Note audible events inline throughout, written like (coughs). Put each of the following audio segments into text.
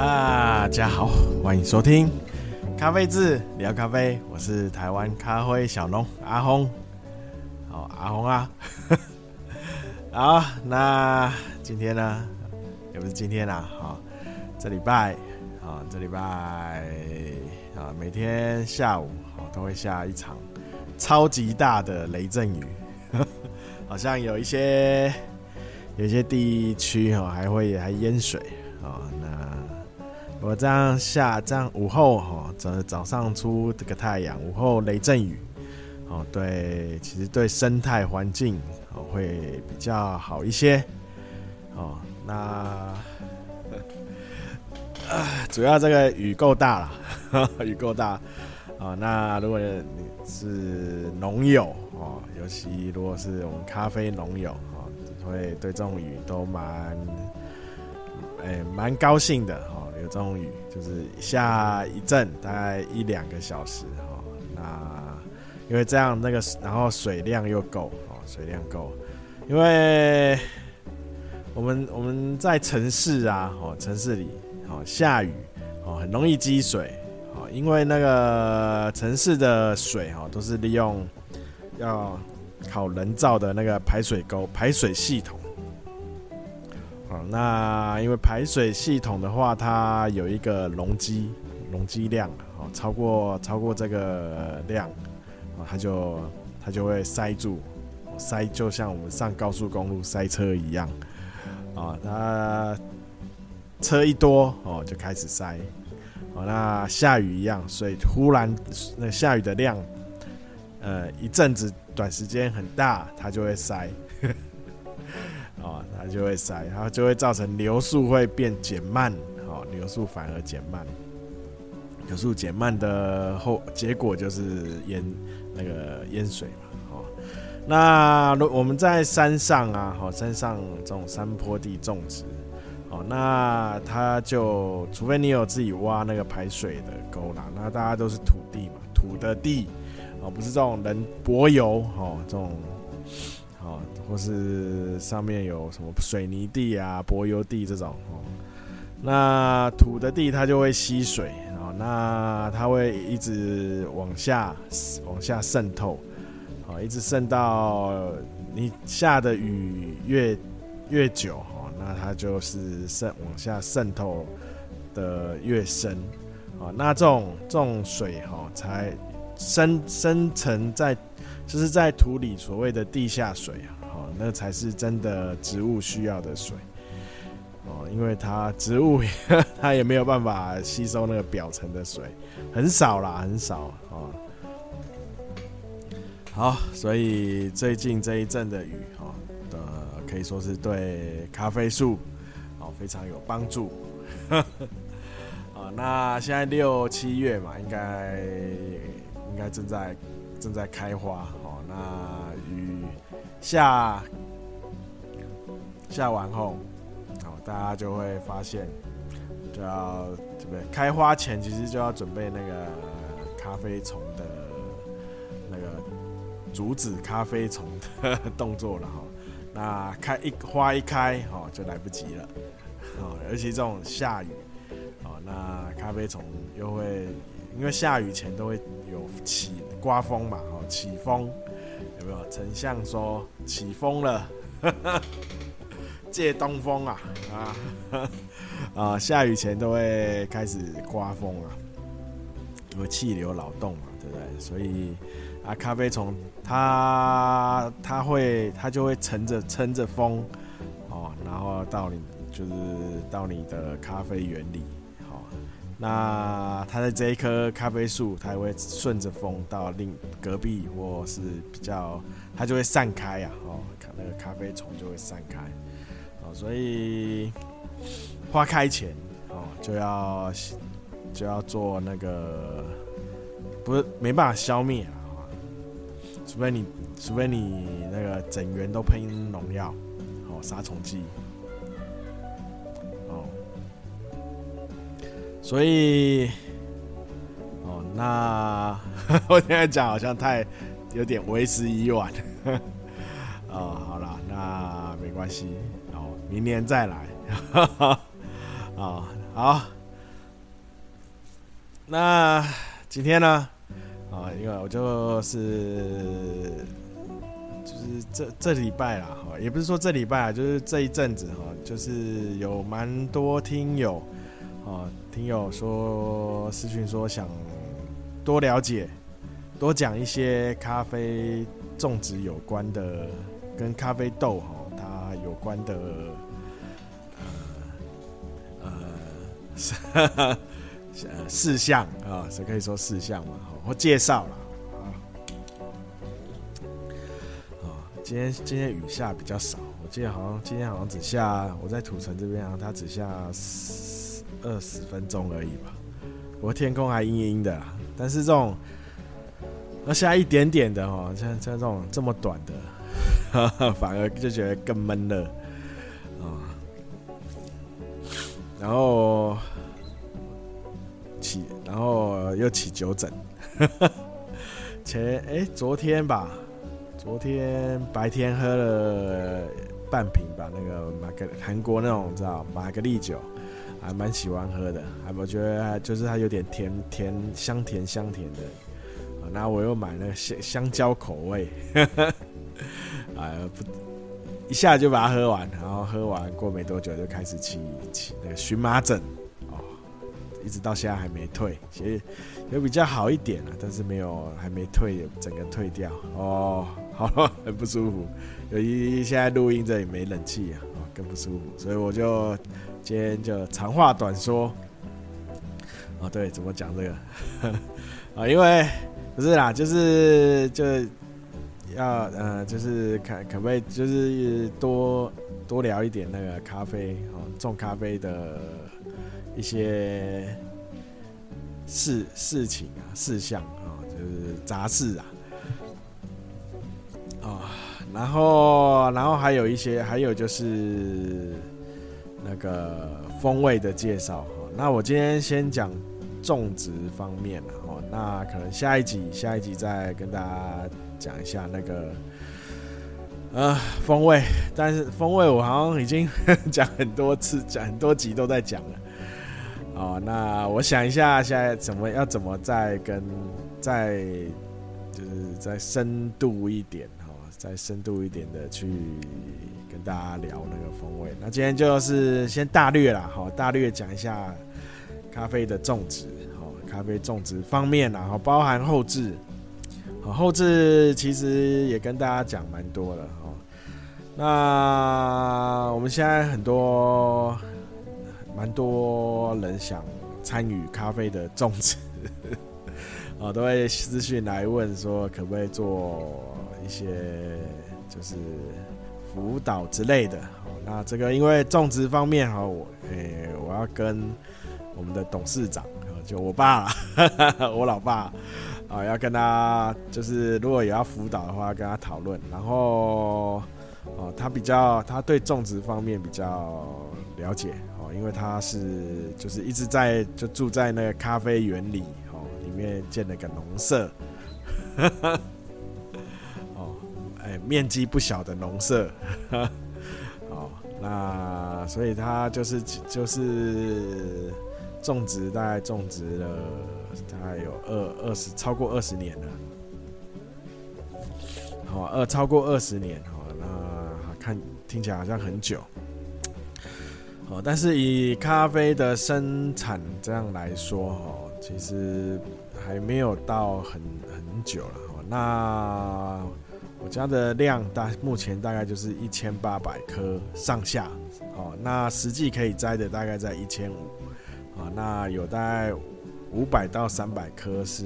大家好，歡迎收聽咖啡誌聊咖啡。我是台灣咖啡小農阿紅，好、哦，阿紅啊。好、 (laughs) 哦，那今天呢，也不是今天啦，、啊哦，這禮拜，好、哦，這禮拜，啊，每天下午、哦、都會下一場超級大的雷陣雨， (laughs) 好像有一些，有一些地區、哦、還會還淹水啊。哦我這樣下，這樣午後哈，早早上出這個太陽，午後雷陣雨，哦，對，其實對生態環境哦會比較好一些，哦，那主要這個雨夠大了，雨夠大啊，那如果你是農友哦，尤其如果是我們咖啡農友哦，會對這種雨都蠻，欸、蠻高興的哦。有這種雨，就是下一陣，大概一兩個小時哈、哦。那因為這樣，那個然後水量又夠哦，水量夠。因為我們我們在城市啊，哦城市裡哦下雨哦很容易積水哦，因為那個城市的水哈、哦、都是利用要靠人造的那個排水溝、排水系統。那因為排水系統的話，它有一個容積，容積量，哦，超過超過這個量，哦，它就它就會塞住，塞就像我們上高速公路塞車一樣，啊，哦，它車一多哦就開始塞，哦，那下雨一樣，水忽然那下雨的量，呃，一陣子短時間很大，它就會塞。就會塞，然後就會造成流速會變減慢，好、哦，流速反而減慢，流速減慢的後結果就是淹那個淹水嘛，好、哦，那我們在山上啊，好、哦，山上這種山坡地種植，好、哦，那它就除非你有自己挖那個排水的溝啦，那大家都是土地嘛，土的地啊、哦，不是這種人柏油，好、哦，這種。或是上面有什麼水泥地啊、柏油地這種哦，那土的地它就會吸水啊、哦，那它會一直往下往下滲透、哦、一直滲到你下的雨越越久哈、哦，那它就是滲往下滲透的越深、哦、那這種這種水哈、哦、才深深沉在就是在土裡所謂的地下水啊。那才是真的植物需要的水哦，因為它植物它也沒有辦法吸收那個表層的水，很少啦，很少哦。好，所以最近這一陣的雨哦，的可以說是對咖啡樹哦非常有幫助呵呵。啊，那現在六七月嘛，應該應該正在正在開花。下下完後，好，大家就會發現，就要準備開花前，其實就要準備那個咖啡蟲的那個阻止咖啡蟲的 (laughs) 動作了哈。那開一花一開，哦，就來不及了，哦，尤其這種下雨，哦，那咖啡蟲又會因為下雨前都會有起刮風嘛，哦，起風。有有丞相說：“起風了，借東風啊啊啊、呃！下雨前都會開始刮風啊，因為氣流擾動嘛，對不對？所以啊，咖啡蟲它它會它就會乘着撐着風哦，然後到你就是到你的咖啡園裡。”那它的這一棵咖啡樹，它也會順着風到另隔壁，或是比較，它就會散開呀，啊，哦，那個咖啡蟲就會散開，哦，所以花開前，哦，就要就要做那個，不是沒辦法消滅啊，除非你，除非你那個整園都噴農藥，哦，殺蟲劑。所以，哦，那呵呵我現在講好像太有點為時已晚，呵呵哦，好了，那沒關係，哦，明年再來，呵呵哦，好，那今天呢，啊、哦，因為我就是就是這這禮拜啦，哦，也不是說這禮拜啦，就是這一陣子哈、哦，就是有蠻多聽友，啊、哦。朋友說私訊說想多了解，多講一些咖啡種植有關的，跟咖啡豆哈、哦、它有關的，呃呃， (laughs) 呃事項啊，是、哦、可以說事項嘛，好、哦，我介紹了啊。今天今天雨下比較少，我記得好像今天好像只下，我在土城這邊啊，它只下。二十分鐘而已吧，不過天空還陰陰的，但是這種，要下一點點的哦，像像這種這麼短的，反而就覺得更悶了，然後起，然後又起酒疹。前、誒、欸，昨天吧，昨天白天喝了半瓶吧，那個馬格韓國那種知道嗎？瑪格麗酒。還蠻喜歡喝的。還我覺得就是它有點甜甜香甜香甜的。啊、然後我又買了香香蕉口味， (laughs) 啊，不，一下就把它喝完，然後喝完過沒多久就開始起起那個蕁麻疹哦，一直到現在還沒退，其實有比較好一點啊，但是沒有還沒退，整個退掉哦，好很不舒服，由於現在錄音這裡沒冷氣啊，更不舒服，所以我就。先就長話短說，啊，對，怎麼講這個 (laughs) 啊？因為不是啦，就是就要呃，就是可可不可以就是多多聊一點那個咖啡啊，種咖啡的一些事事情啊、事項啊，就是雜事啊，啊，然後然後還有一些，還有就是。那個風味的介紹哈，那我今天先講種植方面哦，那可能下一集下一集再跟大家講一下那個，呃，風味。但是風味我好像已經講 (laughs) 很多次，講很多集都在講了。哦，那我想一下，現在怎麼要怎麼再跟再就是再深度一點哈，再深度一點的去。跟大家聊那個風味，那今天就是先大略啦，好，大略講一下咖啡的種植，好，咖啡種植方面啦，包含後製。好，後製其實也跟大家講蠻多了，那我們現在很多蠻多人想參與咖啡的種植，都會私訊來問說可不可以做一些，就是。輔導之類的，那這個因為種植方面，哈，我，誒、欸，我要跟我們的董事長，就我爸， (laughs) 我老爸、呃，要跟他，就是如果也要輔導的話，跟他討論。然後，哦、呃，他比較，他對種植方面比較了解，哦、呃，因為他是就是一直在就住在那個咖啡園裡，哦、呃，裡面建了個農舍。 (laughs) 欸，面積不小的農舍，哦， (laughs) 那所以它就是就是種植，大概種植了大概有二二十超過二十年了，好二超過二十年，好那看聽起來好像很久，哦，但是以咖啡的生產這樣來說，哦，其實還沒有到很很久了，哦，那。我家的量大，目前大概就是一千八百棵上下，哦，那實際可以摘的大概在一千五，啊，那有大概五百到三百棵是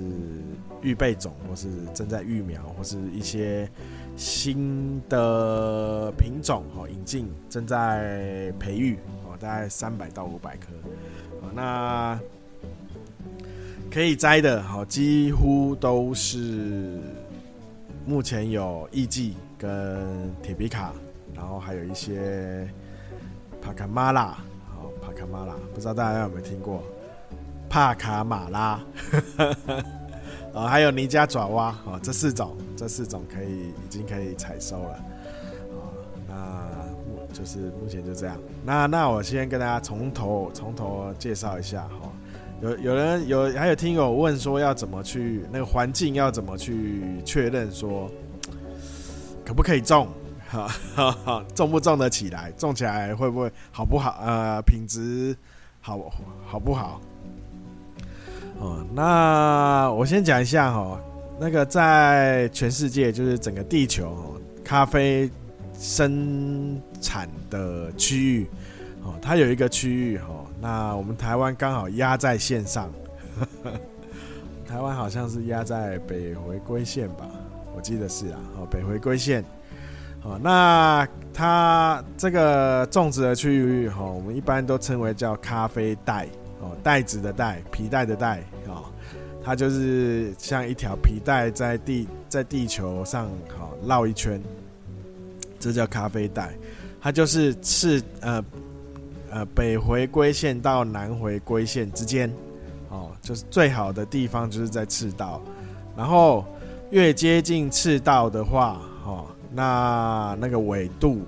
預備種，或是正在育苗，或是一些新的品種哦，引進正在培育哦，大概三百到五百棵，啊、哦，那可以摘的，好、哦，幾乎都是。目前有藝妓跟鐵皮卡，然後還有一些帕卡馬拉，哦，帕卡瑪拉，不知道大家有沒有聽過帕卡馬拉呵呵呵？哦，還有尼加爪哇，哦，這四種，這四種可以已經可以採收了，啊、哦，那就是目前就這樣。那那我先跟大家從頭從頭介紹一下。哦有有人有還有聽友問說要怎麼去那個環境要怎麼去確認說可不可以種，哈 (laughs) 種不種得起來，種起來會不會好不好？呃，品質好好不好？哦，那我先講一下哈、哦，那個在全世界就是整個地球、哦、咖啡生產的區域哦，它有一個區域哈、哦。那我們台灣剛好壓在線上呵呵，台灣好像是壓在北回歸線吧？我記得是啊，哦，北回歸線。哦，那它這個種植的區域，哈，我們一般都稱為叫咖啡帶哦，帶子的帶皮帶的帶哦，它就是像一條皮帶在地在地球上，哈，繞一圈，這叫咖啡帶，它就是是呃。呃，北回歸線到南回歸線之間，哦，就是最好的地方就是在赤道，然後越接近赤道的話，哦，那那個緯度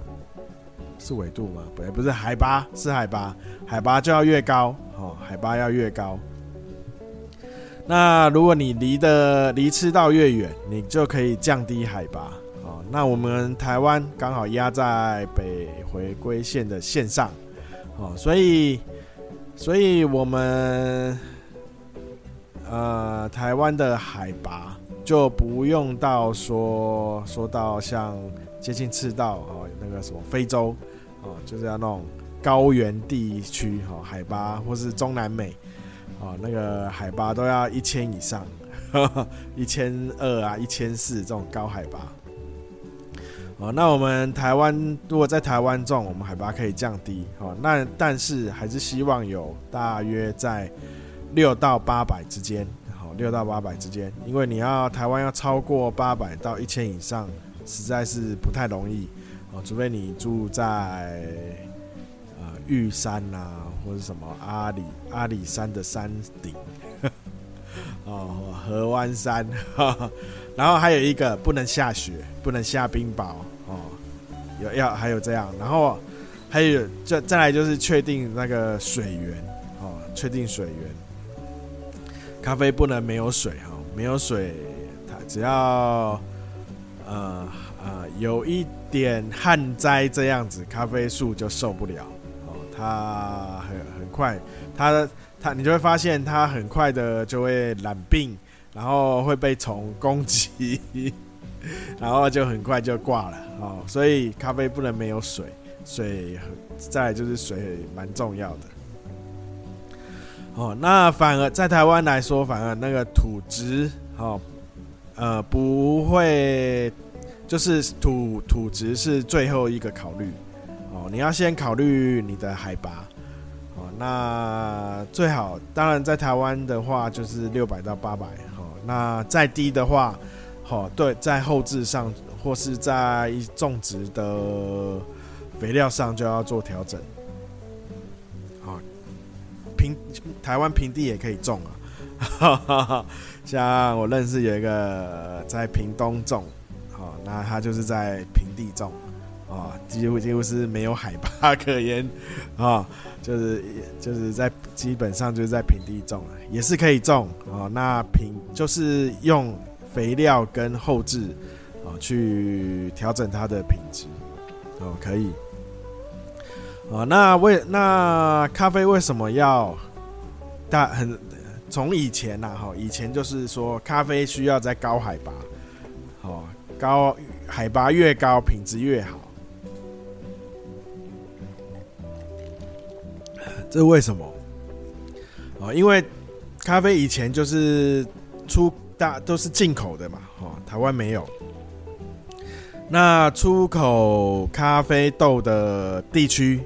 是緯度嗎？不是，海拔，是海拔，海拔就要越高，哦。海拔要越高。那如果你離的離赤道越遠，你就可以降低海拔，哦。那我們台灣剛好壓在北回歸線的線上。哦，所以，所以我們，呃，台灣的海拔就不用到說說到像接近赤道哦，那個什麼非洲，哦、就是要那種高原地區哈、哦，海拔或是中南美、哦、那個海拔都要一千以上，一千二啊，一千四這種高海拔。哦，那我們台灣如果在台灣種，我們海拔可以降低。哦，那但是還是希望有大約在六到八百之間。好、哦、六到八百之間，因為你要台灣要超過八百到一千以上，實在是不太容易。哦，除非你住在呃玉山吶、啊，或者什麼阿里阿里山的山頂。呵呵哦，河灣山哈哈，然後還有一個不能下雪，不能下冰雹哦，有要，要還有這樣，然後還有再再來就是確定那個水源哦，確定水源，咖啡不能沒有水哈、哦，沒有水它只要呃呃有一點旱災這樣子，咖啡樹就受不了哦，它很很快它的。你就會發現，它很快的就會染病，然後會被蟲攻擊，然後就很快就掛了。哦，所以咖啡不能沒有水，水再來就是水蠻重要的。哦，那反而在台灣來說，反而那個土質，哦，呃，不會，就是土土質是最後一個考慮。哦，你要先考慮你的海拔。那最好，當然在台灣的話就是六百到八百，好，那再低的話，好，對，在後製上或是在種植的肥料上就要做調整，好，平，台灣平地也可以種啊哈哈哈哈，像我認識有一個在屏東種，好，那他就是在平地種。啊、哦，幾乎幾乎是沒有海拔可言，啊、哦，就是就是在基本上就是在平地種了，也是可以種啊、哦。那品就是用肥料跟後製，啊、哦、去調整它的品質，哦，可以。啊、哦，那為那咖啡為什麼要大很？從以前吶，哈，以前就是說咖啡需要在高海拔，哦，高海拔越高，品質越好。這是為什麼？哦，因為咖啡以前就是出大都是進口的嘛，哦，台灣沒有。那出口咖啡豆的地區，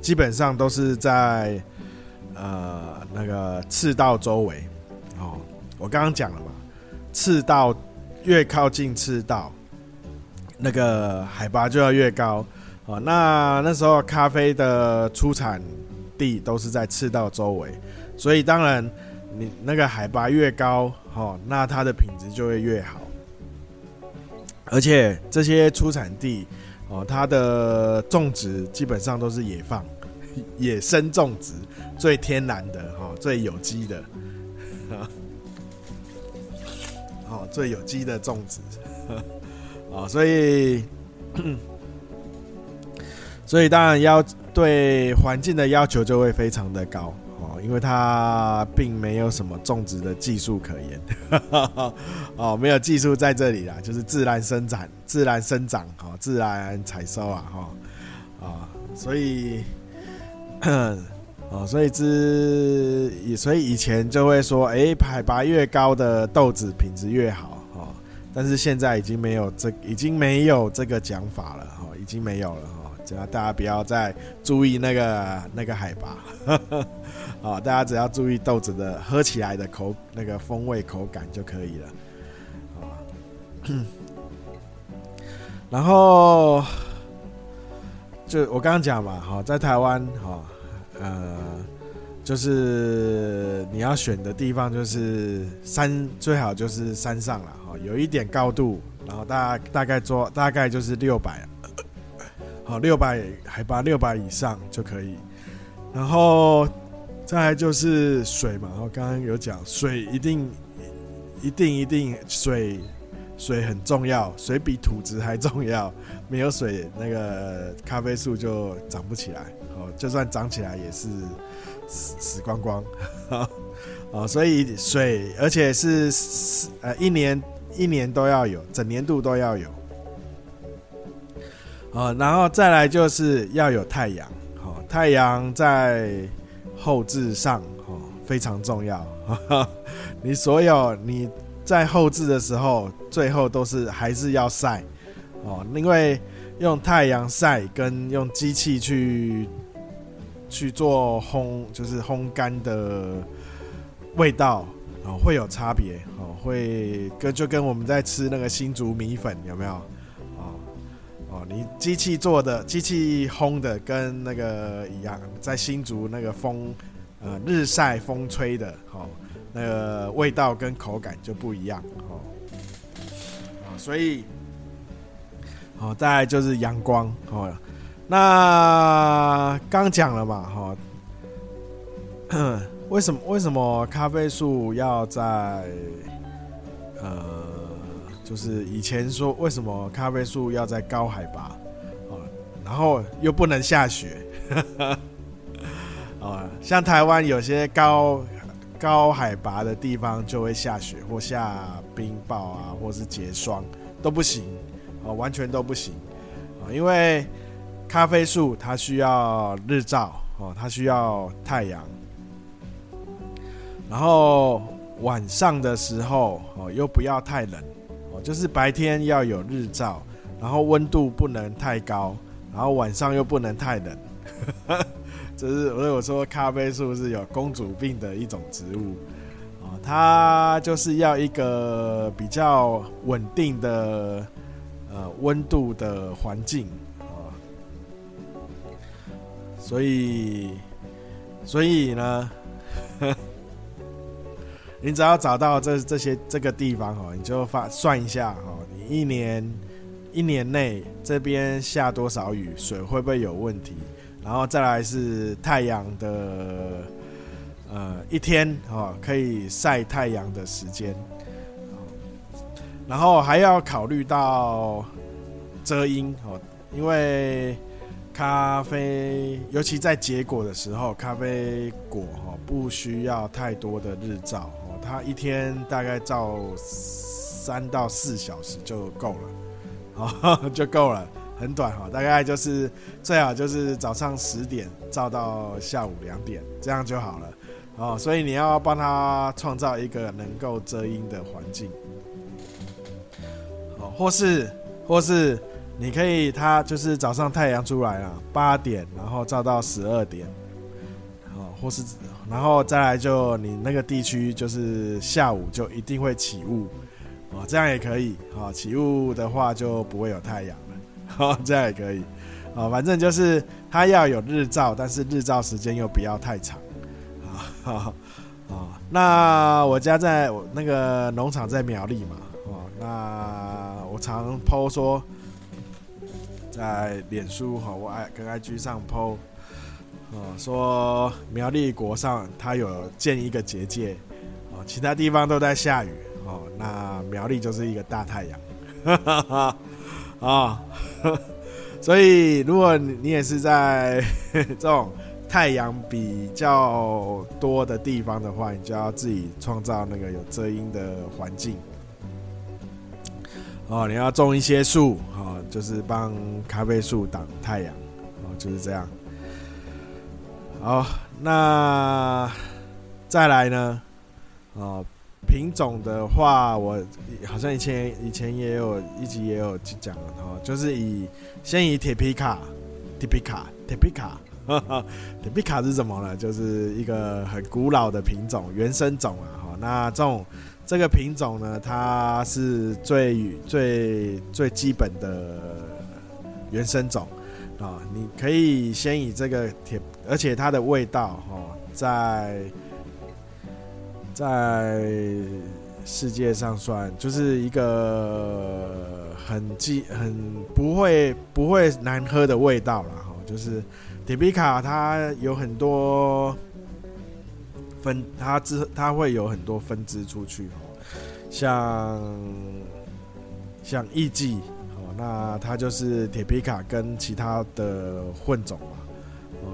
基本上都是在呃那個赤道周圍。哦，我剛剛講了嘛，赤道越靠近赤道，那個海拔就要越高。哦，那那時候咖啡的出產。地都是在赤道周圍，所以當然你那個海拔越高，哦，那它的品質就會越好。而且這些出產地，哦，它的種植基本上都是野放、野生種植，最天然的，哦，最有機的，哦，最有機的種植，哦，所以，所以當然要對環境的要求就會非常的高哦，因為它並沒有什麼種植的技術可言呵呵呵，哦，沒有技術在這裡啦，就是自然生長，自然生長哦，自然採收啊，哦，所以，哦，所以之所以以前就會說，哎，海拔越高的豆子品質越好哦，但是現在已經沒有這，已經沒有這個講法了哦，已經沒有了。只要大家不要再注意那個那個海拔，啊， (laughs) 大家只要注意豆子的喝起來的口那個風味口感就可以了，好 (coughs) 然後就我剛剛講嘛，哈，在台灣，哈，呃，就是你要選的地方就是山，最好就是山上啦，哈，有一點高度，然後大大概做，大概就是六百。哦，六百海拔六百以上就可以，然後再來就是水嘛。然後、哦、剛剛有講，水一定一定一定水水很重要，水比土質還重要。沒有水，那個咖啡樹就長不起來。哦，就算長起來也是死死光光哈、哦，所以水，而且是是呃一年一年都要有，整年度都要有。呃、哦，然後再來就是要有太陽，好，哦，太陽在後製上，哦，非常重要。呵呵，你所有你在後製的時候，最後都是還是要曬，哦，因為用太陽曬跟用機器去去做烘，就是烘乾的味道，哦，會有差別，哦，會跟就跟我們在吃那個新竹米粉有沒有？你機器做的，機器烘的，跟那個一樣，在新竹那個風、呃日曬風吹的，哦，那個味道跟口感就不一樣，哦，所以，哦，再就是陽光，哦，那剛講了嘛，哦，為什麼為什麼咖啡樹要在，呃？就是以前說為什麼咖啡樹要在高海拔然後又不能下雪，啊， (laughs) 像台灣有些高高海拔的地方就會下雪或下冰雹啊，或是結霜都不行，啊，完全都不行啊，因為咖啡樹它需要日照哦，它需要太陽，然後晚上的時候哦又不要太冷。就是白天要有日照，然後溫度不能太高，然後晚上又不能太冷。 (laughs) 就是我有說咖啡樹是有公主病的一種植物啊、哦，它就是要一個比較穩定的呃溫度的環境啊、哦，所以所以呢。 (laughs) 你只要找到這這些這個地方哦，你就發算一下哦，你一年一年內這邊下多少雨水會不會有問題？然後再來是太陽的，呃，一天哦可以曬太陽的時間，然後還要考慮到遮陰哦，因為咖啡尤其在結果的時候，咖啡果哈不需要太多的日照。它一天大概照三到四小時就夠了，哦，就夠了，很短哈，大概就是最好就是早上十點照到下午兩點這樣就好了，哦，所以你要幫它創造一個能夠遮陰的環境，或是或是你可以它就是早上太陽出來了，啊，八點然後照到十二點，哦，或是。然後再來就你那個地區，就是下午就一定會起霧，哦，這樣也可以，好、哦，起霧的話就不會有太陽了，哦、這樣也可以，啊、哦，反正就是它要有日照，但是日照時間又不要太長，啊、哦哦哦，那我家在，我那個農場在苗栗嘛，哦，那我常 PO 說，在臉書和、哦、我 I 跟 IG 上 PO。哦，說苗栗國上，它有建一個結界，哦，其他地方都在下雨，哦，那苗栗就是一個大太陽，啊，所以如果你你也是在這種太陽比較多的地方的話，你就要自己創造那個有遮陰的環境，哦，你要種一些樹，哦，就是幫咖啡樹擋太陽，哦，就是這樣。好，那再來呢？哦，品種的話，我好像以前以前也有一直也有去講哦，就是以先以鐵皮卡、鐵皮卡、鐵皮卡，鐵皮卡是什麼呢？就是一個很古老的品種，原生種啊。哦，那這種，這個品種呢，它是最最最基本的原生種啊，哦。你可以先以這個鐵。而且它的味道，吼，在在世界上算就是一個很基很不會不會難喝的味道啦。吼，就是鐵皮卡它有很多分，它之它會有很多分支出去，吼，像像藝妓，吼，那它就是鐵皮卡跟其他的混種嘛。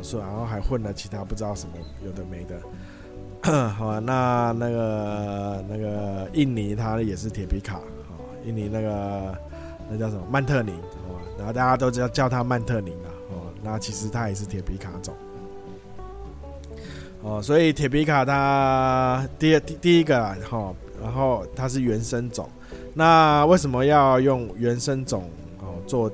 哦，然後還混了其他不知道什麼有的沒的， (coughs) 好啊。那那個那個印尼，它也是鐵皮卡哦。印尼那個那叫什麼曼特寧哦，然後大家都知道叫，叫它曼特寧的哦。那其實它也是鐵皮卡種哦。所以鐵皮卡它第第第，第一個啊，然後、哦、然後它是原生種。那為什麼要用原生種哦做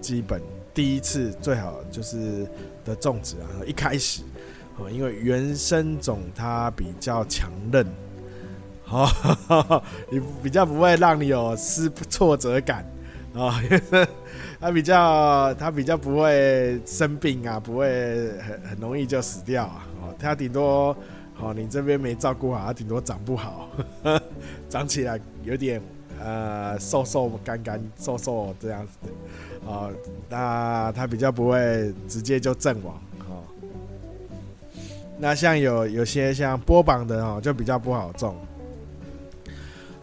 基本？第一次最好就是的種植啊，一開始，哦，因為原生種它比較強韌，好、哦，你比較不會讓你有失挫折感啊，哦、因為它比較它比較不會生病啊，不會很很容易就死掉啊、哦，它頂多哦，你這邊沒照顧好，它頂多長不好，呵呵，長起來有點。呃，瘦瘦乾乾瘦瘦這樣子，啊、哦，那他比較不會直接就陣亡，啊、哦，那像有有些像波旁的哦，就比較不好種，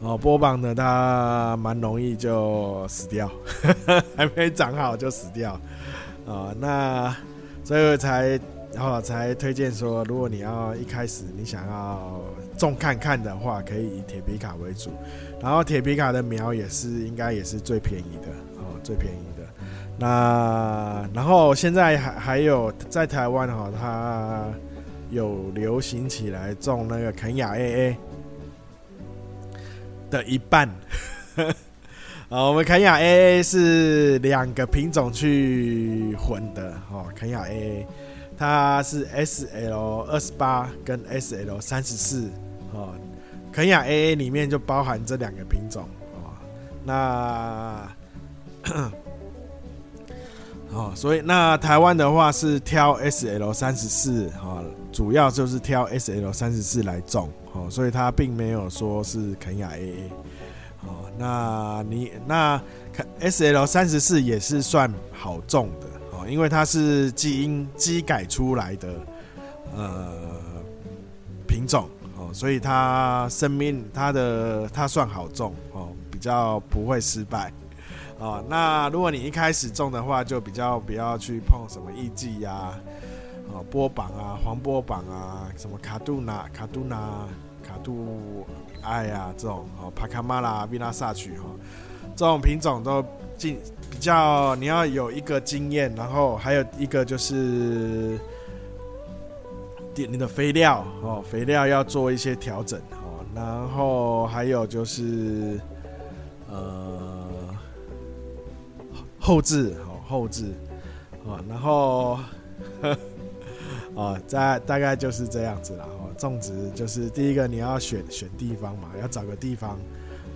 哦，波旁的它蠻容易就死掉呵呵，還沒長好就死掉，啊、哦，那所以才然後、哦、才推薦說，如果你要一開始你想要種看看的話，可以以鐵皮卡為主。然後鐵皮卡的苗也是應該也是最便宜的哦，最便宜的。那然後現在還還有在台灣哈、哦，它有流行起來種那個肯雅 A A 的一半。啊， (laughs) 我們肯雅 A A 是兩個品種去混的哦，肯雅 A A 它是 S L 二十八跟 S L 三十四哦。肯亞 AA 裡面就包含這兩個品種哦，那呵呵哦，所以那台灣的話是挑 SL 三十四哦，主要就是挑 SL 三十四來種哦，所以它並沒有說是肯亞 AA 哦，那你那 SL 三十四也是算好種的哦，因為它是基因基改出來的呃品種。所以他生命，他的他算好種哦，比較不會失敗哦。那如果你一開始種的話，就比較不要去碰什麼藝妓呀、哦波旁啊、黃波旁啊、什麼卡杜納、卡杜納、卡杜艾呀這種哦帕卡瑪拉、維拉薩奇哈這種品種都進比較，你要有一個經驗，然後還有一個就是。你的肥料哦，肥料要做一些調整哦，然後還有就是，呃，後製哦，後製哦，然後，大、哦、大概就是這樣子啦。哦、種植就是第一個你要選選地方嘛，要找個地方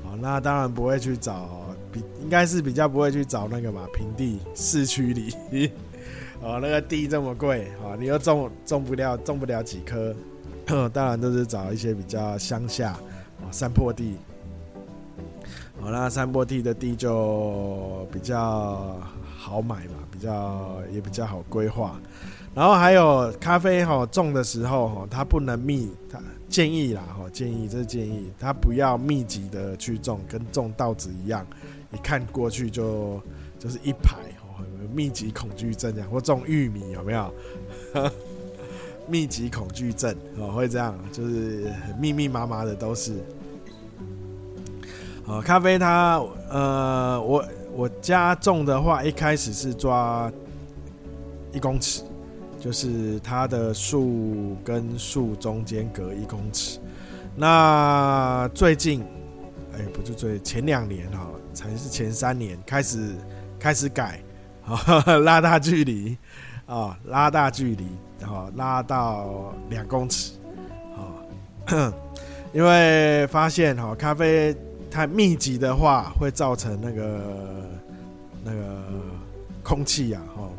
哦，那當然不會去找比，應該是比較不會去找那個嘛平地市區裡。 (laughs) 哦，那個地這麼貴，哦，你又種種不了，種不了幾棵，當然都是找一些比較鄉下哦，山坡地。好、哦、那山坡地的地就比較好買嘛，比較也比較好規劃。然後還有咖啡，哈、哦，種的時候，哈、哦，它不能密，它建議啦，哈、哦，建議，這是建議，它不要密集的去種，跟種稻子一樣，一看過去就就是一排。密集恐懼症這樣，或種玉米有沒有？ (laughs) 密集恐懼症哦，會這樣，就是很密密麻麻的都是。哦，咖啡它呃，我我家種的話，一開始是抓一公尺，就是它的樹跟樹中間隔一公尺。那最近，哎，不是最近，前兩年哦，才是前三年開始開始改。 (laughs) 拉大距離，哦，拉大距離，哦，拉到兩公尺，哦，因為發現哦，咖啡太密集的話，會造成那個那個空氣啊，哦，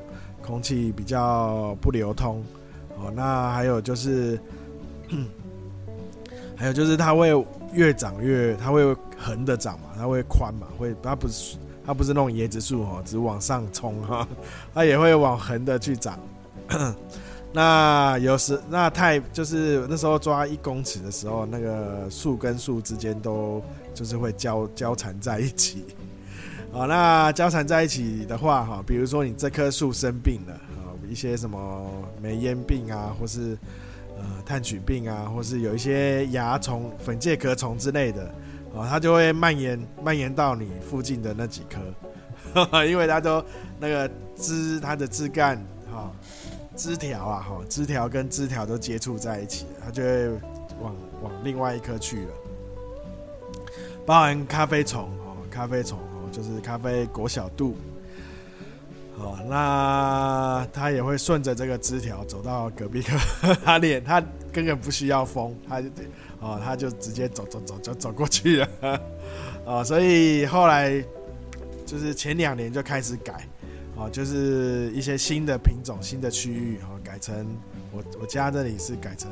空氣比較不流通，哦，那還有就是，還有就是它會越長越，它會橫的長嘛，它會寬嘛，會它不是。它不是那種椰子樹哦，只往上衝哈，它也會往橫的去長。 (coughs) 那有時那太就是那時候抓一公尺的時候，那個樹跟樹之間都就是會交交纏在一起。 (laughs) 好，那交纏在一起的話哈，比如說你這棵樹生病了啊，一些什麼煤煙病啊，或是呃炭疽病啊，或是有一些蚜蟲、粉介殼蟲之類的。哦，它就會蔓延蔓延到你附近的那幾棵，呵呵，因為它都那個枝，它的枝幹哈枝條啊哈枝條跟枝條都接觸在一起，它就會往往另外一棵去了。包含咖啡蟲哦，咖啡蟲哦，就是咖啡果小蠹。哦，那它也會順着這個枝條走到隔壁棵。它臉，它根本不需要風，它。哦，他就直接走走走就走，走過去了， (laughs) 啊、哦，所以後來就是前兩年就開始改，啊、哦，就是一些新的品種、新的區域，啊、哦，改成我我家這裡是改成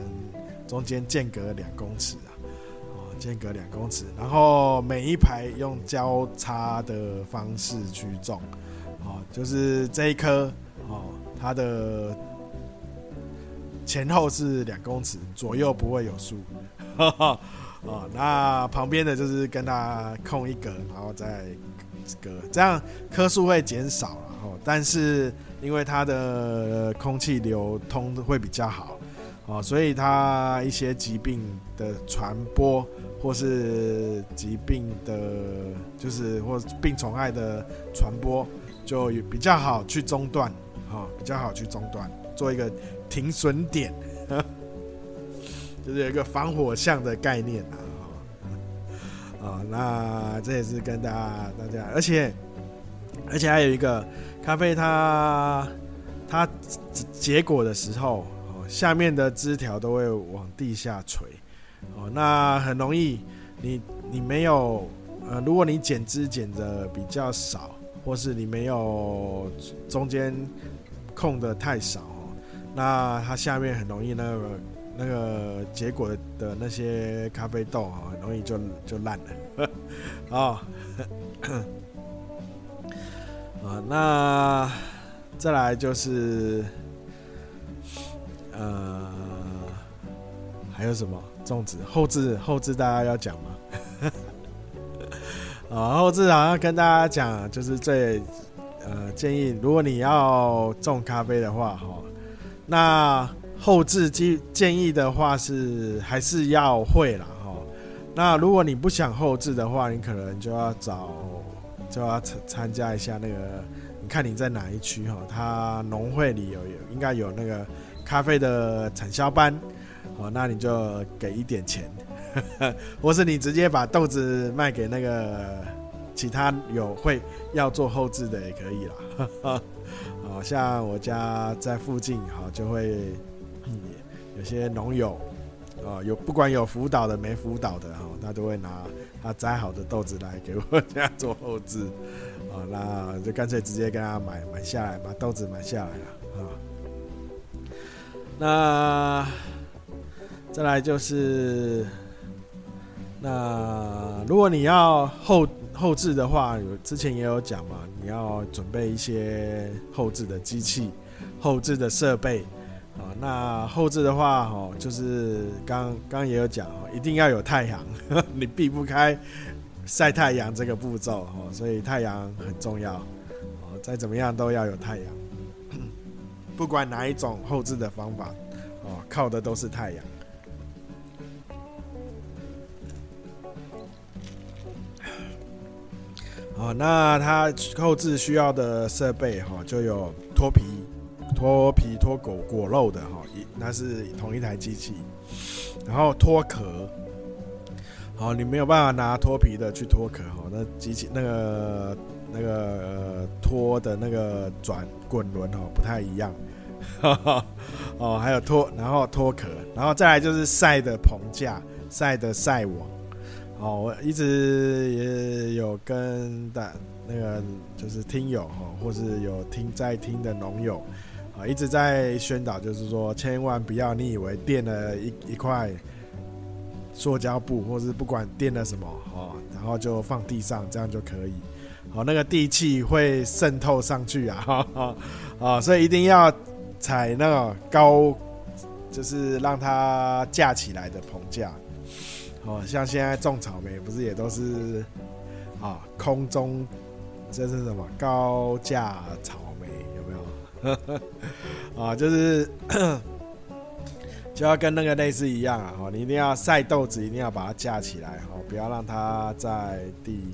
中間間隔兩公尺啊，哦、間隔兩公尺，然後每一排用交叉的方式去種，哦、就是這一棵，哦，它的前後是兩公尺，左右不會有樹。 (laughs) 哦，那旁邊的就是跟他空一格，然後再一格，這樣棵數會減少了，但是因為它的空氣流通會比較好哦，所以它一些疾病的傳播或是疾病的，就是或是病蟲害的傳播，就比較好去中斷，哦，比較好去中斷，做一個停損點。就是有一個防火巷的概念啊，啊，那這也是跟大家大家，而且而且還有一個咖啡，它它結果的時候，哦，下面的枝條都會往地下垂，哦，那很容易，你你沒有，呃，如果你剪枝剪得比較少，或是你沒有中間空的太少，哦，那它下面很容易那個。那個結果的那些咖啡豆啊，很容易就就爛了、 (laughs) 哦、 (coughs) 啊，那再來就是呃，還有什麼種植後製後製，大家要講嗎？ (laughs) 啊，後製好像跟大家講，就是最呃建議，如果你要種咖啡的話，哈、哦，那。後製建建議的話是還是要會啦。哈。那如果你不想後製的話，你可能就要找就要參參加一下那個，你看你在哪一區哈？它農會裡有有應該有那個咖啡的產銷班，好，那你就給一點錢，或是你直接把豆子賣給那個其他有會要做後製的也可以啦。像我家在附近哈，就會。嗯、有些農友，啊，有不管有輔導的沒輔導的哈、哦，他都會拿他摘好的豆子來給我家做後製，啊，那就乾脆直接跟他買買下來，把豆子買下來了啊。那再來就是，那如果你要後後製的話有，之前也有講嘛，你要準備一些後製的機器、後製的設備。啊，那後製的話，哦，就是剛剛也有講，一定要有太陽，你避不開曬太陽這個步驟，哦，所以太陽很重要，哦，再怎麼樣都要有太陽，不管哪一種後製的方法，哦，靠的都是太陽。哦，那它後製需要的設備，哈，就有脫皮。脫皮脫果、果肉的哈，一那是同一台機器，然後脫殼，好，你沒有辦法拿脫皮的去脫殼哈，那機器那個那個脫、呃、的那個轉滾輪哈不太一樣， (laughs) 哦，還有脫，然後脫殼，然後再來就是曬的棚架，曬的晒網，哦，我一直也有跟大那個就是聽友哈，或是有聽在聽的農友。啊，一直在宣導，就是說，千萬不要你以為墊了一一塊塑膠布，或是不管墊了什麼，哦，然後就放地上，這樣就可以，哦，那個地氣會滲透上去啊，啊哈哈、哦，所以一定要踩那個高，就是讓它架起來的棚架，哦，像現在種草莓，不是也都是，啊，空中這是什麼高架草？啊， (laughs) 就是 (coughs) 就要跟那個類似一樣啊！哦，你一定要曬豆子，一定要把它架起來哦，不要讓它在地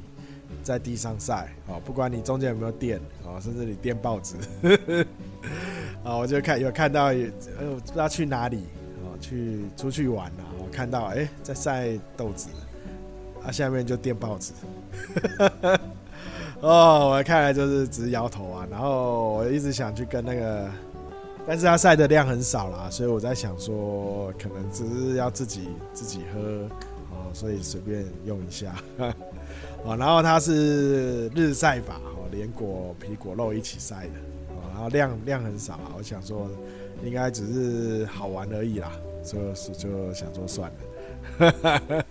在地上曬哦。不管你中間有沒有墊哦，甚至你墊報紙啊， (laughs) 我就看有看到，哎，我不知道去哪裡哦，去出去玩了，我看到哎、欸、在曬豆子，啊，下面就墊報紙。 (laughs) 哦，我看來就是直搖頭啊。然後我一直想去跟那個，但是他曬的量很少啦，所以我在想說，可能只是要自己自己喝，哦，所以隨便用一下呵呵。哦，然後它是日曬法，哦，連果皮果肉一起曬的，哦，然後量量很少啊。我想說，應該只是好玩而已啦，所以是就想說算了。呵呵呵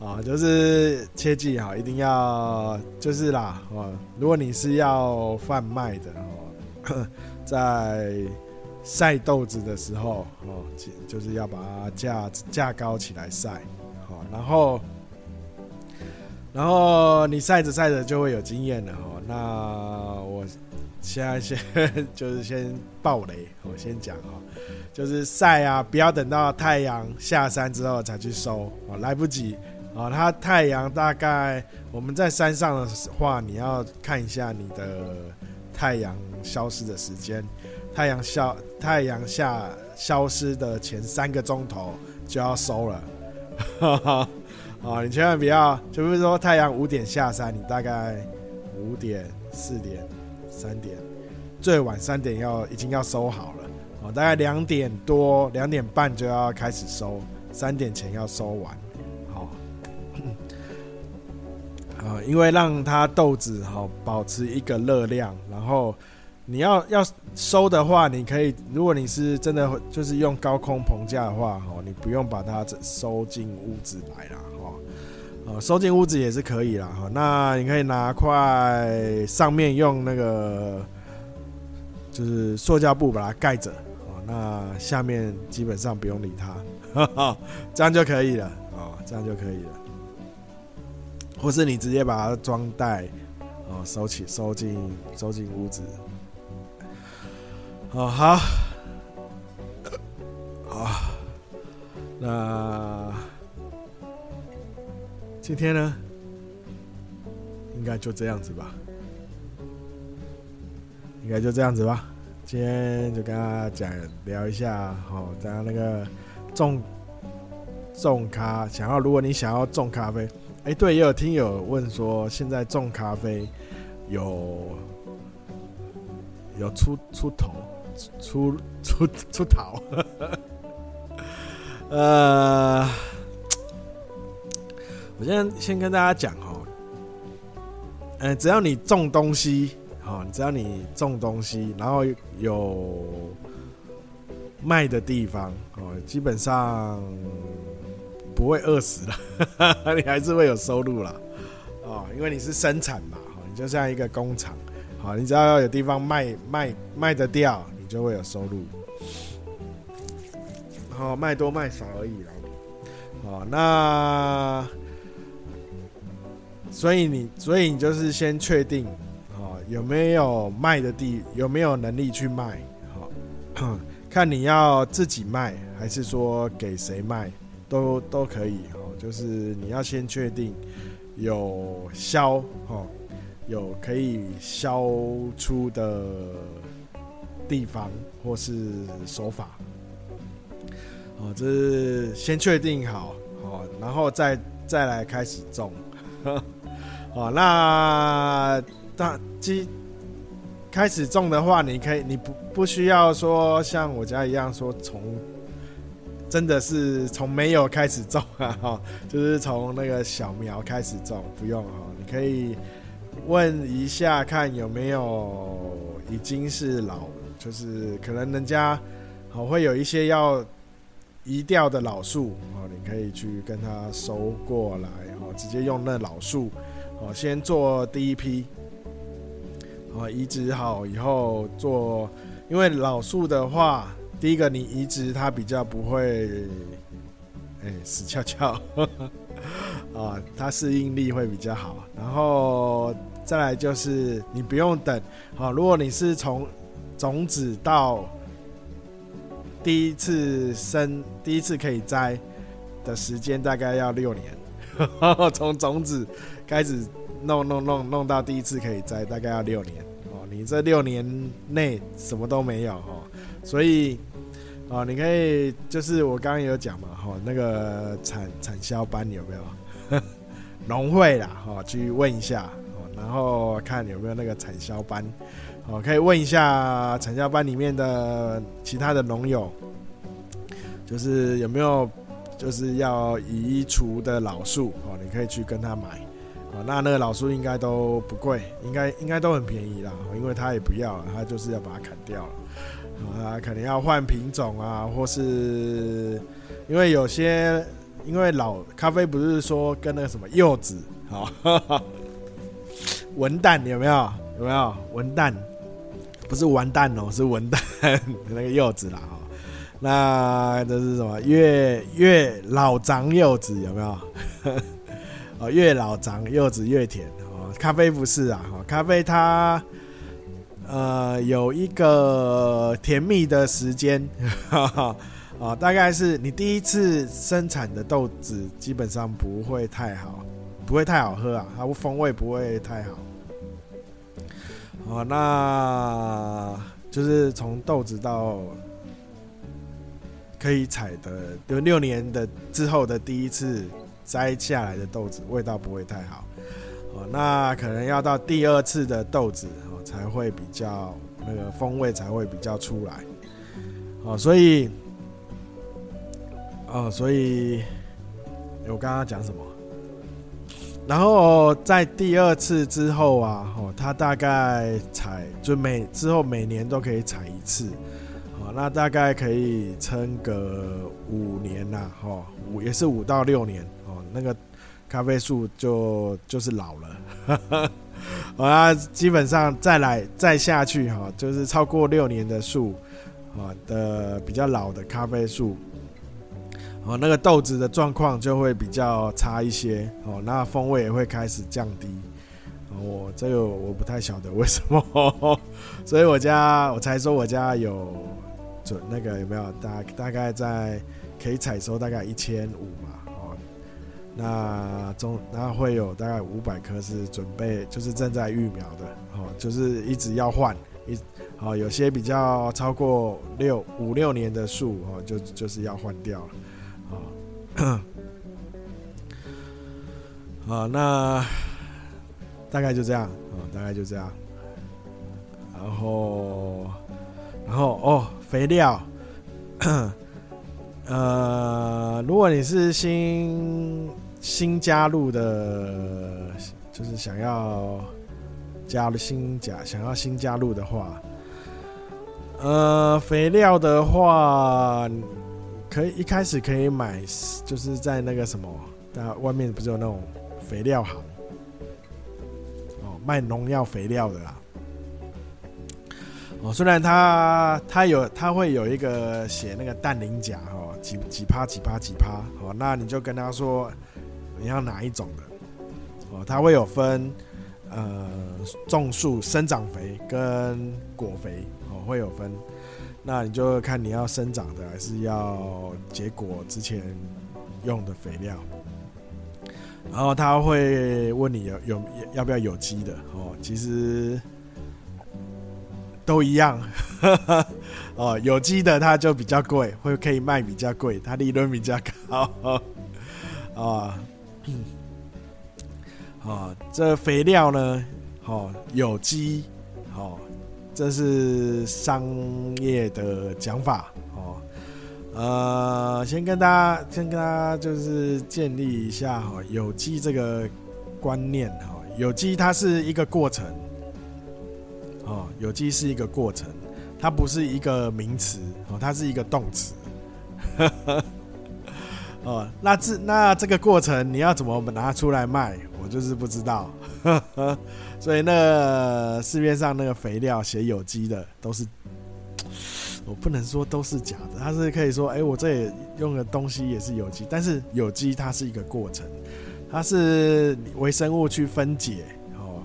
啊，就是切記哈，一定要就是啦，哦，如果你是要販賣的哦，在曬豆子的時候哦，就是要把它架架高起來曬，好，然後然後你曬着曬着就會有經驗了哦，那我現在先就是先爆雷，我先講哈，就是曬啊，不要等到太陽下山之後才去收，哦，來不及。啊、哦，它太陽大概我們在山上的話，你要看一下你的太陽消失的時間。太陽消，太陽下消失的前三個鐘頭就要收了。哈哈。啊、哦，你千萬不要，就是說太陽五點下山，你大概五點、四點、三點，最晚三點要已經要收好了。啊、哦，大概兩點多、兩點半就要開始收，三點前要收完。啊，因為讓它豆子哈保持一個熱量，然後你要要收的話，你可以，如果你是真的就是用高空棚架的話，哈，你不用把它收進屋子來了，哈，收進屋子也是可以了，哈，那你可以拿塊上面用那個就是塑膠布把它蓋着，哈，那下面基本上不用理它，哈哈，這樣就可以了，啊，這樣就可以了。不是你直接把它裝袋，哦，收起，收進，收進屋子，嗯。哦，好，好，呃，哦，那今天呢，應該就這樣子吧，應該就這樣子吧。今天就跟大家講聊一下，好，哦，大家那個種，種咖，想要如果你想要種咖啡。哎、欸，對，也有聽友問說，現在種咖啡有有出出頭出出出出頭？出出出出頭 (laughs) 呃，我先先跟大家講哦，嗯，只要你種東西，只要你種東西，然後有賣的地方，哦，基本上。不會餓死了， (laughs) 你還是會有收入啦哦。因為你是生產嘛，你就像一個工廠，好、哦，你只要有地方賣賣賣得掉，你就會有收入，然、哦、賣多賣少而已啦。好、哦，那所以你所以你就是先確定，好、哦、有沒有賣的地，有沒有能力去賣，好、哦、看你要自己賣還是說給誰賣。都都可以哦，就是你要先確定有銷，哦，有可以銷出的地方或是手法哦，這、就是先確定好哦，然後再再來開始種哦。那當即開始種的話，你可以你不不需要說像我家一樣說從。真的是從沒有開始種啊，哈，就是從那個小苗開始種，不用哈，你可以問一下看有沒有已經是老，就是可能人家好會有一些要移掉的老樹，哦，你可以去跟他收過來，哦，直接用那老樹，哦，先做第一批，哦，移植好以後做，因為老樹的話。第一個，你移植它比較不會，哎、欸，死翹翹啊，它適應力會比較好。然後再來就是，你不用等哦、啊。如果你是從種子到第一次生、第一次可以摘的時間，大概要六年。從種子開始弄弄弄弄到第一次可以摘，大概要六年哦、啊。你這六年內什麼都沒有哦。啊所以，啊，哦，你可以就是我剛剛有講嘛，哈，哦，那個產產銷班有沒有農會啦，哦，去問一下，哦，然後看有沒有那個產銷班，哦，可以問一下產銷班裡面的其他的農友，就是有沒有就是要移除的老樹，哦，你可以去跟他買，哦，那那個老樹應該都不貴，應該應該都很便宜啦，哦，因為他也不要了，他就是要把它砍掉了。啊，可能要換品種啊，或是因為有些，因為老咖啡不是說跟那個什麼柚子，好， (laughs) 文旦有沒有？有沒有文旦不是完蛋哦，是文旦 (laughs) 那個柚子啦，哈、哦。那這是什麼？越越老長柚子有沒有呵呵？越老長柚子越甜哦。咖啡不是啊，咖啡它。呃，有一個甜蜜的時間，啊、 (laughs) 哦，大概是你第一次生產的豆子，基本上不會太好，不會太好喝啊，它風味不會太好。哦，那就是從豆子到可以採的，有六年的之後的第一次摘下來的豆子，味道不會太好。哦，那可能要到第二次的豆子。才會比較那個風味才會比較出來，哦、所以，呃、哦，所以我剛剛講什麼？然後在第二次之後啊，哦，它大概採就每之後每年都可以採一次，哦，那大概可以撐個五年吶、啊，哦，五也是五到六年哦，那個咖啡樹就就是老了。 (laughs) 好啦、哦，基本上再來再下去哈、哦，就是超過六年的樹，啊、哦、的比較老的咖啡樹，哦，那個豆子的狀況就會比較差一些哦，那風味也會開始降低。我、哦、這個我不太曉得為什麼，呵呵，所以我家我才說我家有准那個有沒有大大概在可以採收大概一千五嘛。那中那會有大概五百棵是準備，就是正在育苗的，哦，就是一直要換一，哦，有些比較超過六五六年的樹，哦，就就是要換掉了，啊，哦， (coughs) 那大概就這樣，哦，大概就這樣，然後，然後哦，肥料， (coughs) 呃，如果你是新。新加入的，就是想要加的，新加想要新加入的話，呃，肥料的話，可以一開始可以買，就是在那個什麼，那外面不是有那種肥料行哦，賣農藥肥料的啦。哦，雖然他他有他會有一個寫那個氮磷鉀哦，幾幾趴幾趴幾趴哦，那你就跟他說。你要哪一種的？哦，它會有分，呃，種樹生長肥跟果肥哦，會有分。那你就看你要生長的還是要結果之前用的肥料。然後他會問你有有、有要不要有機的哦，其實都一樣。 (laughs) 哦，有機的它就比較貴，會可以賣比較貴，它利潤比較高啊。 (laughs) 哦嗯，好，哦，這肥料呢？好，哦，有機，好，哦，這是商業的講法哦。呃，先跟大家，先跟大家，就是建立一下哈，哦，有機這個觀念哈，哦。有機它是一個過程，哦，有機是一個過程，它不是一個名詞哦，它是一個動詞。 (laughs) 哦，那這那這個過程，你要怎麼拿出來賣？我就是不知道，呵呵，所以那市面上那個肥料寫有機的，都是我不能說都是假的，他是可以說，哎，我這也用的東西也是有機，但是有機它是一個過程，它是微生物去分解哦，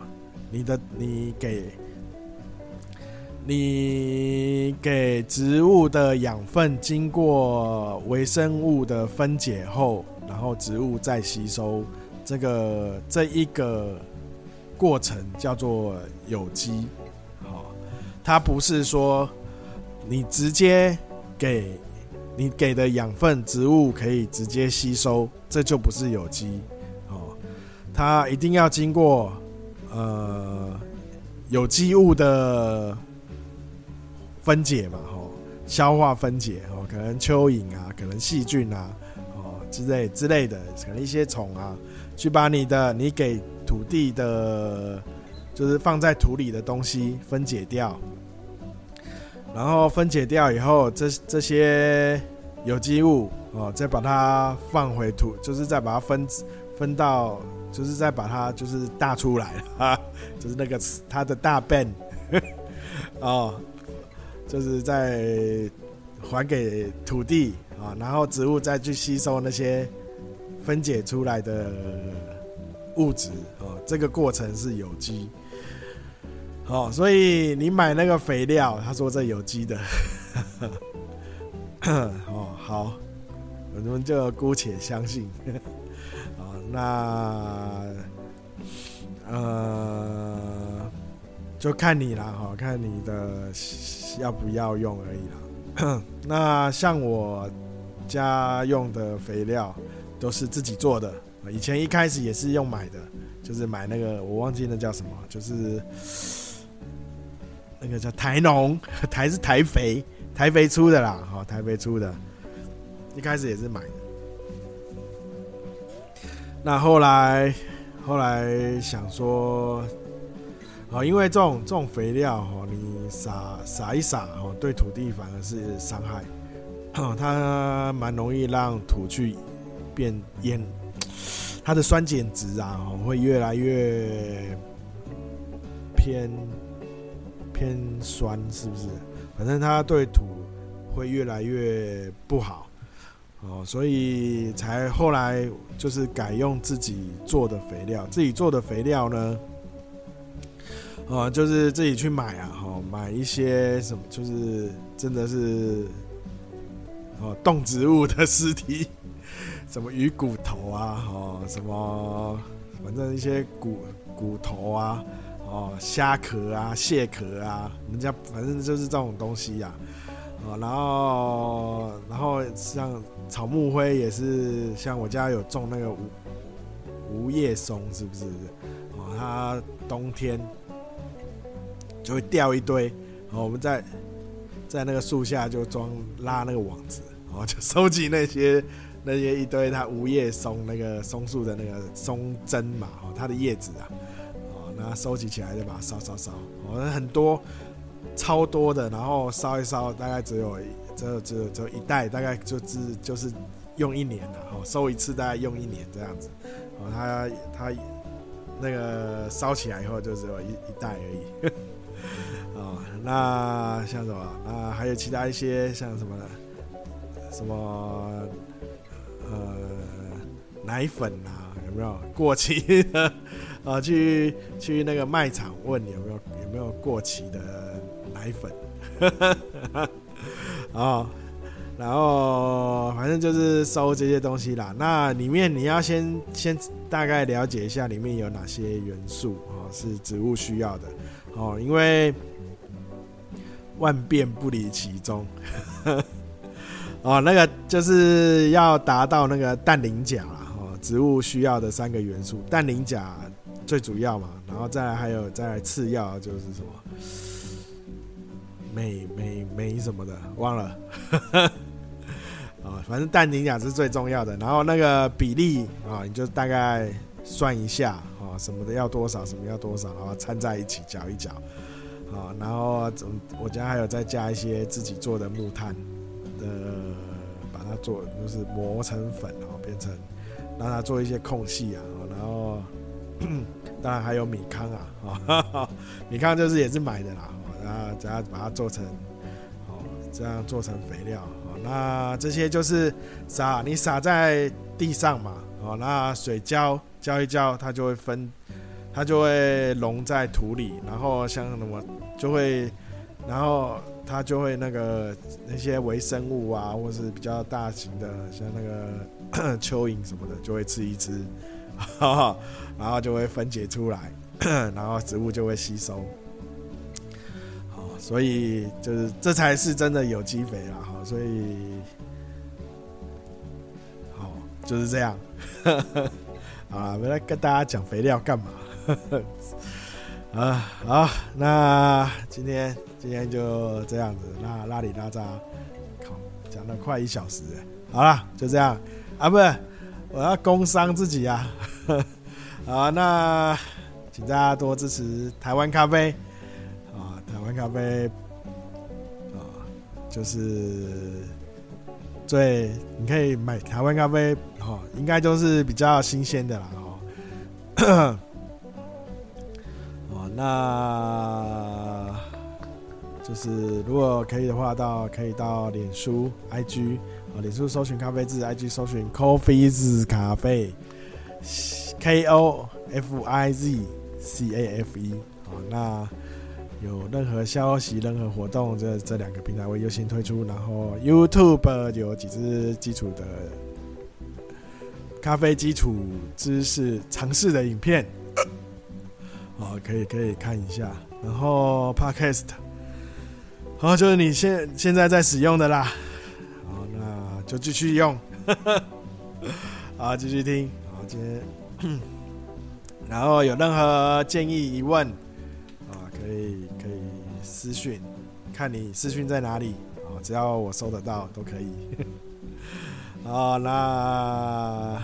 你的你給。你給植物的養分經過微生物的分解後，然後植物再吸收，這個這一個過程叫做有機，哦，它不是說你直接給你給的養分植物可以直接吸收，這就不是有機，哦，它一定要經過呃有機物的。分解嘛，吼、哦，消化分解哦，可能蚯蚓啊，可能細菌啊，哦之類之類的，可能一些蟲啊，去把你的你給土地的，就是放在土裡的東西分解掉，然後分解掉以後，這這些有機物哦，再把它放回土，就是再把它分分到，就是再把它就是大出來、啊、就是那個它的大便哦。就是在還給土地啊，然後植物再去吸收那些分解出來的物質啊，這個過程是有機。所以你買那個肥料，他說這有機的，哦， (laughs) 好，我們就姑且相信。那，呃。就看你啦哈，看你的要不要用而已啦。 (coughs) 那像我家用的肥料都是自己做的，以前一開始也是用買的，就是買那個我忘記那叫什麼，就是那個叫台農，台是台肥，台肥出的啦，好，台肥出的，一開始也是買的。那後來後來想說。哦，因為這種這種肥料，哦，你撒撒一撒，哦，對土地反而是傷害，它蠻容易讓土去變變，它的酸鹼值啊，哦，會越來越偏偏酸，是不是？反正它對土會越來越不好，哦，所以才後來就是改用自己做的肥料，自己做的肥料呢。哦、呃，就是自己去買啊，哈，買一些什麼，就是真的是哦、呃，動植物的屍體，什麼魚骨頭啊，哦、呃，什麼反正一些骨骨頭啊，哦、呃，蝦殼啊，蟹殼啊，人家反正就是這種東西啊，哦、呃，然後然後像草木灰也是，像我家有種那個五五葉松，是不是？哦、呃，它冬天，就會掉一堆，哦，我們在在那個樹下就裝拉那個網子，哦，就收集那些那些一堆它五葉松那個松樹的那個松針嘛，哦，它的葉子啊，哦，那收集起來就把它燒燒燒，哦，很多超多的，然後燒一燒，大概只有只有只有只有一袋，大概就只就是用一年了，哦，收一次大概用一年這樣子，哦，他他那個燒起來以後就只有一一袋而已。 (laughs) 啊、哦，那像什麼？那、呃、還有其他一些像什麼的、呃？什麼？呃，奶粉啊，有沒有過期的？啊、呃，去去那個賣場問有沒有有沒有過期的奶粉。呵呵呵呵哦，然後反正就是收這些東西啦。那裡面你要先先大概了解一下裡面有哪些元素啊、哦，是植物需要的哦，因為。萬變不離其宗， (laughs) 哦，那個就是要達到那個氮磷鉀哦，植物需要的三個元素，氮磷鉀最主要嘛，然後再來還有再來次要就是什麼，鎂鎂鎂什麼的，忘了， (laughs) 哦、反正氮磷鉀是最重要的，然後那個比例啊、哦，你就大概算一下啊、哦，什麼的要多少，什麼要多少，然後摻在一起攪一攪。啊、哦，然後啊，我家還有再加一些自己做的木炭，呃，把它做就是磨成粉哦，變成讓它做一些空隙啊，哦、然後當然還有米糠啊，哈、哦，米糠就是也是買的啦，然後、哦、這樣把它做成哦，這樣做成肥料啊、哦，那這些就是撒，你撒在地上嘛，哦，那水澆澆一澆，它就會分。它就會溶在土裡，然後像什麼就會，然後它就會那個那些微生物啊，或是比較大型的，像那個 (coughs) 蚯蚓什麼的，就會吃一吃， (laughs) 然後就會分解出來， (coughs) 然後植物就會吸收。好，所以就是這才是真的有機肥啦，好。所以，好就是這樣，啊， (laughs) 我來跟大家講肥料幹嘛？啊、 (laughs) 呃，好，那今天今天就這樣子，那拉里拉扎，講了快一小時，好了，就這樣啊，不是，我要工商自己啊，啊，那請大家多支持台灣咖啡啊，哦，台灣咖啡啊，哦，就是最你可以買台灣咖啡哦，應該就是比較新鮮的啦哦。 (coughs) 那就是如果可以的話，到可以到臉書、IG 啊，臉書搜尋咖啡誌，IG 搜尋 Coffee 誌咖啡，K O F I Z C A F E 啊。那有任何消息、任何活動，這這兩個平台會優先推出。然後 YouTube 有幾支基礎的咖啡基礎知識嘗試的影片。哦，可以可以看一下，然後 Podcast，哦，就是你現現在在使用的啦，好，那就繼續用，啊， (laughs) 繼續聽，啊，今天， (coughs) 然後有任何建議疑問，啊、哦，可以可以私訊，看你私訊在哪裡，啊、哦，只要我收得到都可以，啊、 (laughs) 哦，那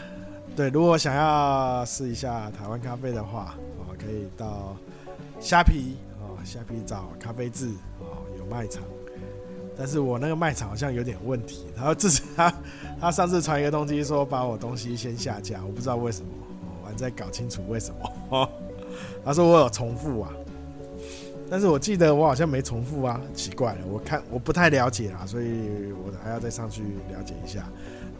對，如果想要試一下台灣咖啡的話。可以到蝦皮哦，蝦皮找咖啡漬哦。有賣場，但是我那個賣場好像有點問題，他說這是他，他上次傳一個東西說把我東西先下架，我不知道為什麼，哦，我還在搞清楚為什麼，哦。他說我有重複啊，但是我記得我好像沒重複啊，奇怪了，我看我不太了解啊，所以我還要再上去了解一下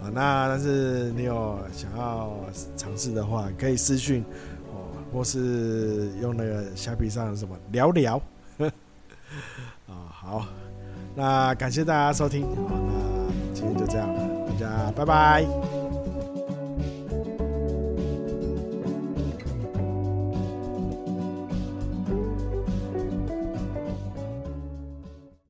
啊。那但是你有想要嘗試的話，可以私訊。或是用那個蝦皮上什麼聊聊，啊、哦、好，那感謝大家收聽，好，那今天就這樣了，大家拜拜。